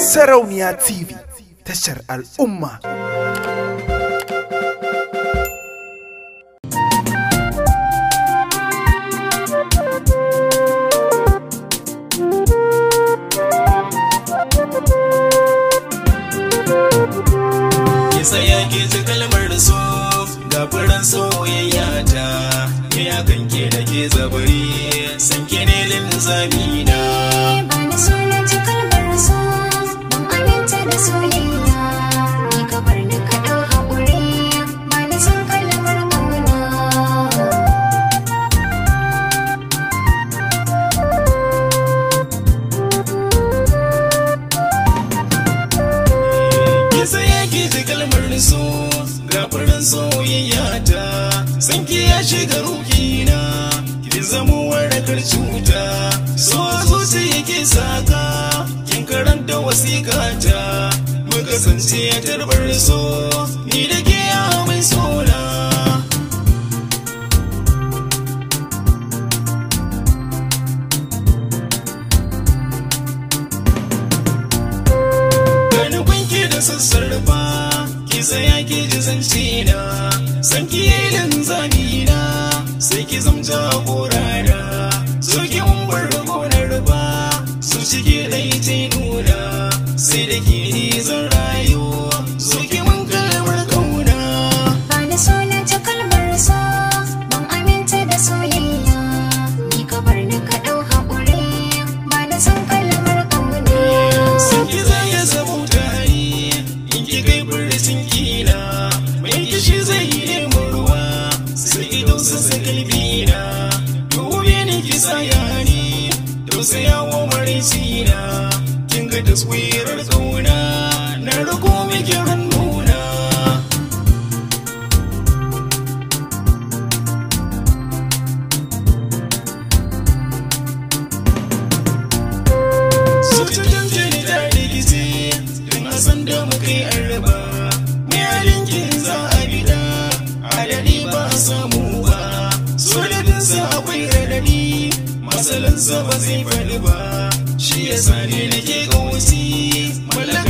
Sarauniya TV tashar al'umma. Ki tsaya ki ji kalmar so ga soyayya ta, ya kan ke da ke zabari, san ki ne kalmar so ga farin soyayya ta san ki ya shiga ruhina kin zama warakar cuta so zuci yake saka kin karanta wasiƙa ta muka sance tarbar so ni da ke mai sola ki tsaya ki ji na san ki yelin na sai ki zamta korara zo ki umbar gonar ba su cike dai ta nuna sai da ki kawo mari sina kin ga taswirar tsauna na rago miki nuna Sautin jantini ta rikici, don a san da mu kai an raba, kansa ba zai faɗi ba shi ya sani nake kawusi mallaka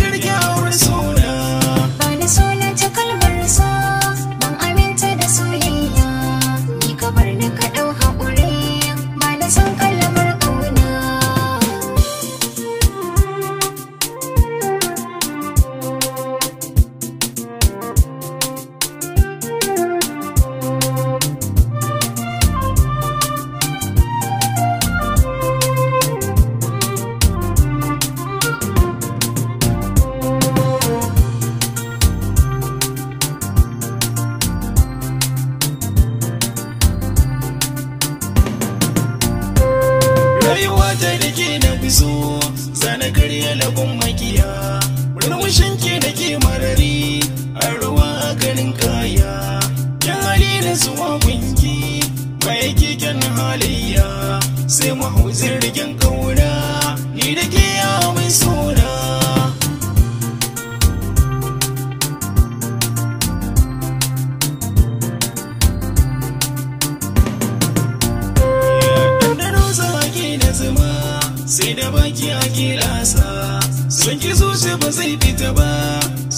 baiwa ta da na biso zana karya labon makiya murmushin ke da marari a ruwa a garin kaya ya hali da zuwa kunki mai keken halayya sai mahuzin rigen kaura ni da ke ya mai sai da baki a kirasa sun ki zuciya ba zai fita ba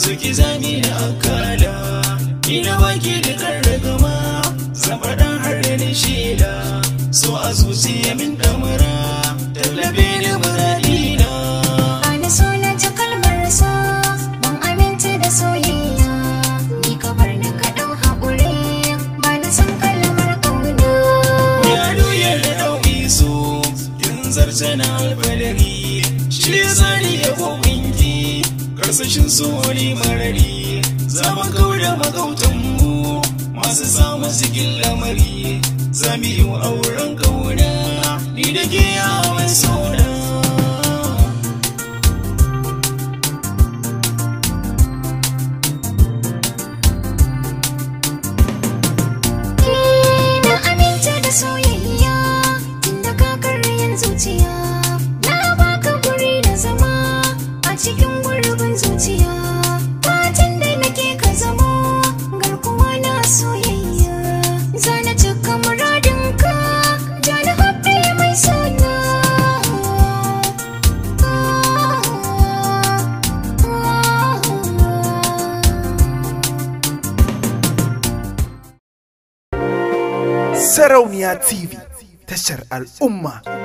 su ki zami da akala na baki da kan ragama zama dan har da shela so a zuciya min damara tallabe da muradina ana na ta kalmar sa ban aminta da soyayya ni ka bar ni ka dau haƙuri ba ni san kalmar kauna ya doya da dau so, kin zarce na dari shirya zani ya gwamnki karsashin soli marari zaman kauda magautanmu masu samun sigin lamari zami yi auren kauna ni da ke yawon sauna zuciya fatan da nake ka zama garkuwa na soyayya zana cika muradinka jani haɓe mai suna Sarauniya TV tashar al'umma